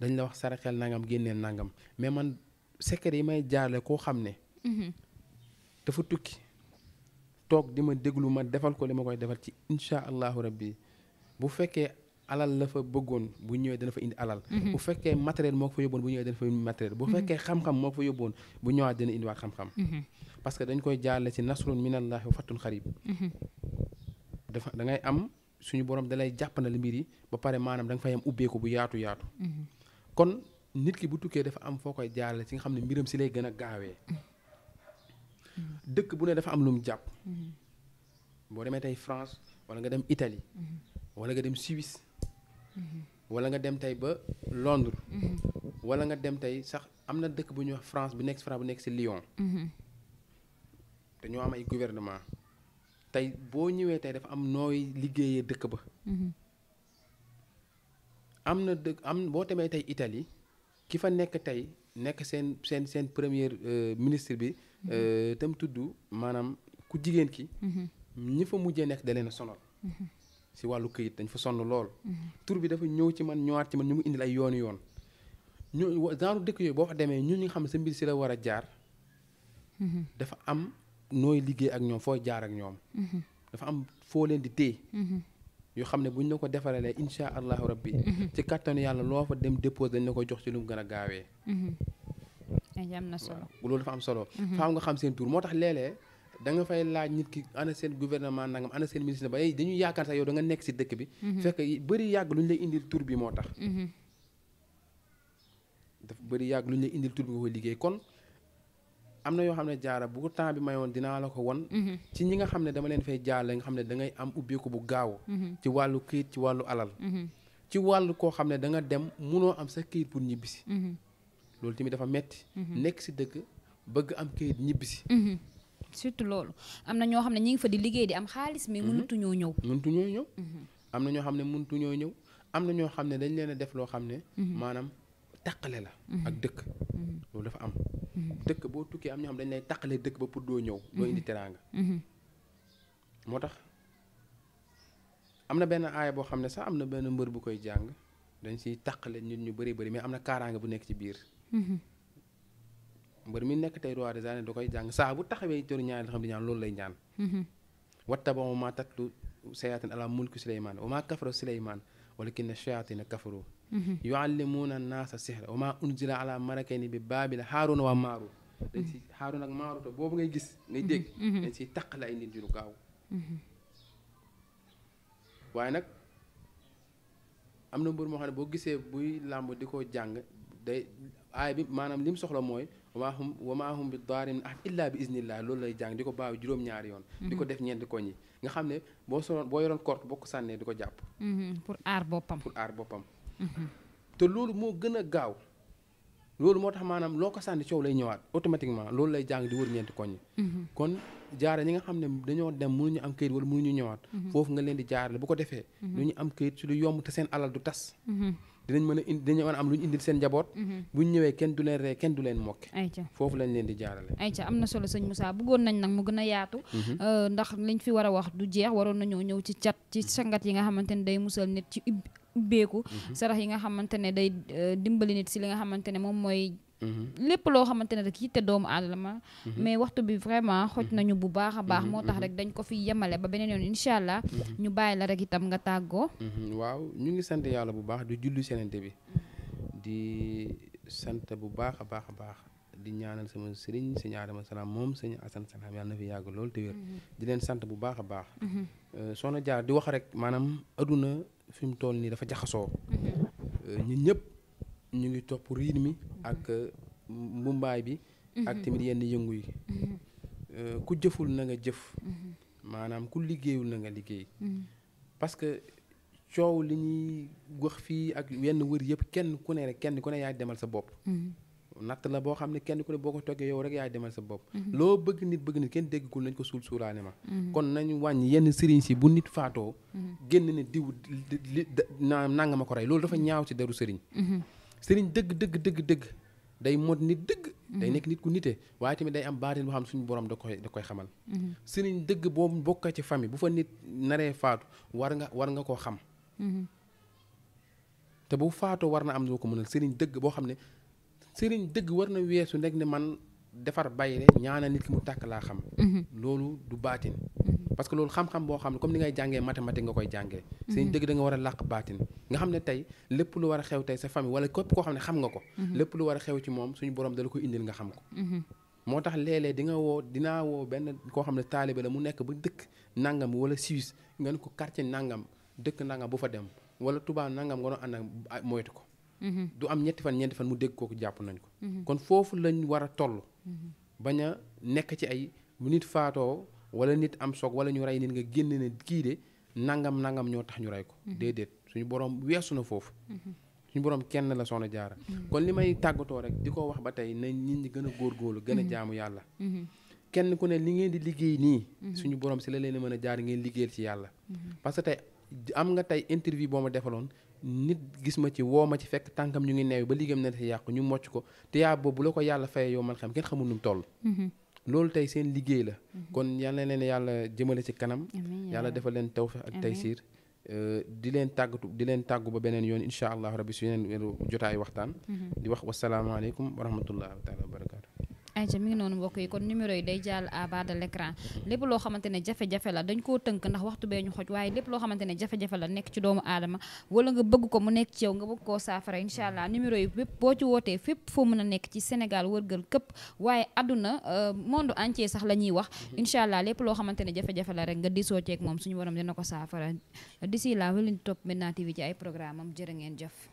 dañ la wax saraxel nangam génneel nangam mais secret yi may jaarle koo xam ne. Mm-hmm. dafa tukki toog di ma déglu ma defal ko li ma koy defal ci incha allahu rabbi bu fekkee alal la fa bëggoon bu ñëwee dana fa indi alal. Mm-hmm. bu fekkee matériel moo ko fa yóbboon bu fa indi matériel. Mm-hmm. fekkee xam moo ko fa yóbboon bu ñëwaat dana indiwaat xam-xam. parce que dañ koy jaarle ci nasrun minallahi wa fatun xarib. dafa da ngay am suñu borom dalay jàpp na li mbir yi ba pare maanaam da nga fay am ubbeeku bu yaatu yaatu. kon nit ki bu tukkee dafa am foo koy jaarale ci nga xam ne mbiram si lay gën a gaawee dëkk bu ne dafa am lu mu jàpp boo demee tey France wala nga dem Italie wala nga dem Suisse wala nga dem tey ba Londres wala nga dem tey sax am na dëkk bu ñuy wax France bu nekk si France bu nekk si Lyon dañoo am ay gouvernement tey boo ñëwee tey dafa am nooy liggéeyee dëkk ba mm-hmm. am na dëkk am boo demee tey Italie ki fa nekk tey nekk seen seen seen premier euh, ministre bi mhm. euh, tam tudd maanaam ku jigéen ki mhm. ñi fa mujjee nekk da leen a sonal mhm. si wàllu këyit dañ fa sonn lool tur bi dafa ñëw ci man ñëwaat ci man ñu ngi indil ay yooni yoon ñu genre dëkk yooyu boo fa demee ñun ñu xam ne sa mbir si la war a jaar dafa am nooy liggéey ak ñoom foo jaar ak ñoom dafa am foo leen di téye yoo xam ne bu ñu la ko defaralee incha allahu rabbi mm-hmm. ci kattanu yàlla loo fa dem dépose dañ la ko jox ci lu mu gën a gaawee mm-hmm. am na solo loolu dafa am solo mm-hmm. faaw nga xam seen tur moo tax léeg-léeg da nga fay laaj nit ki ana seen gouvernement nangam ana seen ministre ba dañuy yaakaar sax yow da nga nekk si dëkk bi fekk bëri yàgg lu ñu lay indil tur bi moo tax dafa bëri yàgg lu ñu lay indil tur bi nga koy liggéey kon am na yoo xam ne jaara bu temps bi mayoon dinaa la ko won mm-hmm. ñi nga xam ne dama leen fay jaarale nga xam ne da ngay am ubbeeku bu gaaw mm-hmm. ci wàllu ci wàllu mm-hmm. ci wàllu koo xam ne da nga dem munoo am sa këyit pour ñibbisi loolu tamit nekk si dëkk bëgg am këyit ñibbisi surtout loolu am na ñoo xam ne ñi fa liggéey di am xaalis mais mënutuñoo ñëw mënutuñoo ñëw am na ñoo xam ne mënutuñoo ñëw am na ñoo xam ne dañ leen a def loo xam ne maanaam taqale la ak dëkk loolu dafa am Mm-hmm. dëkk boo tukkee am ñoo xam dañ lay taqale dëkk ba pour doo ñëw doo mm-hmm. indi teraanga mm-hmm. moo tax am na benn aaya boo xam ne sa am na benn mbër bu koy jàng dañ siy taqale nit ñu bëri bëri mais am na kaaraange bu nekk ci biir mbër mi nekk tey roi des arènes da koy jàng saa bu taxawee toru ñaan xam di ñaan loolu lay ñaan watta ba ma tatlu sayaatin ala mulki suleymaan ma kafara suleymaan walakin shayatina a mm-hmm. yuallimuuna annaasa sihra wa maa unzila ala malakayni bi baabila haaruuna wa maaruut mm-hmm. dañ si haaruun ak maaruut boobu ngay gis ngay dégg mm-hmm. dañ siy taqale ay nit yu gaaw waaye nag am na mbir moo xam ne boo gisee buy làmb di ko jàng day aay bi maanaam li soxla mooy wamaa hum wamaa hum bi daarin ahad illaa bi iznillah loolu lay jàng di ko baaw juróom-ñaari yoon di ko def ñeenti koñ yi nga xam ne boo soloon boo yoroon korte boo ko sànnee di ko jàpp. Mm-hmm. pour aar boppam. pour aar boppam. Mm-hmm. te loolu moo gën a gaaw loolu moo tax maanaam loo ko sànni coow lay ñëwaat automatiquement loolu lay jàng di wër ñeenti koñ. Mm-hmm. kon jaare ñi nga xam ne dañoo dem mënuñu am kayit wala ñu ñëwaat. foofu nga leen di jaarale bu ko defee. lu ñu am kayit ci lu yomb te seen alal du tas. dinañ mën a indi dinañ mën a am lu ñu indil seen njaboot mhm. bu ñu ñëwee kenn du leen ree kenn du leen mokke ayca foofu am na solo sëñ Moussa bëggoon nañ nag mu gën a yaatu mhm. euh, ndax liñ fi war a wax du jeex waroon nañoo ñëw ci cat ci sangat yi nga xamante day musal nit ci ubbeeku mhm. sarax yi nga xamante day euh, dimbali nit si li nga xamante moom mooy Mm-hmm. lépp loo xamante ne rek yitte doomu aadama mm-hmm. mais waxtu bi vraiment xoj mm-hmm. nañu bu baax a baax moo tax rek dañ ko fi yemale ba beneen yoon incha allah ñu bàyyi la rek itam nga tàggoo waaw ñu ngi sant yàlla bu baax di julli senante bi di sant bu baax a baax a baax di ñaanal sama sëriñ sëñ Adama Salaam moom sëñ asan Salaam yàlla na fi yàgg lool te wér di leen sant bu baax a baax euh, soxna jaar di wax rek maanaam aduna fi mu toll nii dafa jaxasoo euh, ñun ñëpp ñu ngi topp riir mi ak mbumbaay bi ak tamit yenn yëngu yi ku jëful na nga jëf maanaam ku liggéeyul na nga liggéey parce que coow li ñuy wax fii ak yenn wër yëpp kenn ku ne rek kenn ku ne yaay demal sa bopp natt la boo xam ne kenn ku ne boo ko toggee yow rek yaay demal sa bopp loo bëgg nit bëgg nit kenn déggul nañ ko suul suulaane ma kon nañu wàññi yenn sëriñ si bu nit faatoo génn ne diw na nanga ma ko rey loolu dafa ñaaw ci deru sëriñ sëriñ dëgg dëgg dëgg dëgg day mot nit dëgg day mhm. nekk nit ku nite waaye tamit day am baatin boo xam suñu borom da koy da koy xamal mhm. sëriñ dëgg boo bokkee ci famille bu fa nit naree faatu war nga war nga koo xam mhm. te bu faatoo war na am loo ko mënal sëriñ dëgg boo xam ne sëriñ dëgg war na weesu nekk ne man defar bayre ñaanal nit ki mu tàkk laa xam mhm. loolu du baatin mhm. parce loolu xam-xam boo xam ne comme ni ngay jàngee mathématique nga koy jàngee mhm. seen nga a làq baatin nga xam ne tey lépp lu war a xew tey sa famille wala képp koo xam ne xam nga ko lépp lu war a xew ci moom suñu borom dala ko indil nga xam ko moo tax léeg-léeg di woo dinaa woo benn koo xam ne taalibe la mu nekk ba dëkk nangam wala Suisse nga ne ko quartier nangam dëkk nangam bu fa dem wala Touba nangam nga doon ànd ak ah, moytu ko du am ñetti fan ñeenti fan mu dégg kooku jàpp nañ ko kon foofu lañ war a bañ a nekk ci ay bu nit faatoo wala nit am soog wala ñu rey nit nga génn ne kii de nangam nangam ñoo tax ñu rey ko. Mhm. déedéet suñu borom weesu na foofu. Mhm. suñu borom kenn la soxna jaara mhm. kon li may tàggatoo rek di ko wax ba tey nañ nit ñi gën a góorgóorlu gën a jaamu yàlla. kenn ku ne li ngeen di liggéey nii. suñu borom si la leen mën a jaar ngeen liggéeyal ci yàlla. parce que am nga tey interview boo ma defaloon nit gis ma ci woo ma ci fekk tànkam ñu ngi neew ba liggéeyam na si yàqu ñu mocc ko te yaa boobu la ko yàlla fay yow man xam kenn xamul nu mu toll mm-hmm. loolu tey seen liggéey la mm-hmm. kon yàlla leen yàlla jëmale ci kanam yàlla defal leen tawfeex ak taysiir euh, di leen tàggatu di leen tàggu ba beneen yoon incha allah rabbi su yeneen jotaay waxtaan mm-hmm. di wax wasalaamaaleykum wa rahmatullahi taala wa ayca mi yi kon numéro yi day jàll à bas de l'écran ne jafe-jafe la dañ koo tënk ndax waxtu bee ñu xoj waaye lépp loo xamante ne jafe nekk ci doomu aadama wala nga bëgg ko mu nekk ci yow nga bëgg koo saafara incha allah numéro yi bépp boo ci wootee fépp foo mën a nekk ci Sénégal wërgal këpp waaye àdduna euh, monde entier sax la ñuy wax mhm. incha allah lépp loo xamante ne jafe-jafe la rek nga disoo ceeg moom suñu borom dina ko saafara d'ici là wala ñu topp Médina TV ci ay programme am jërë ngeen jëf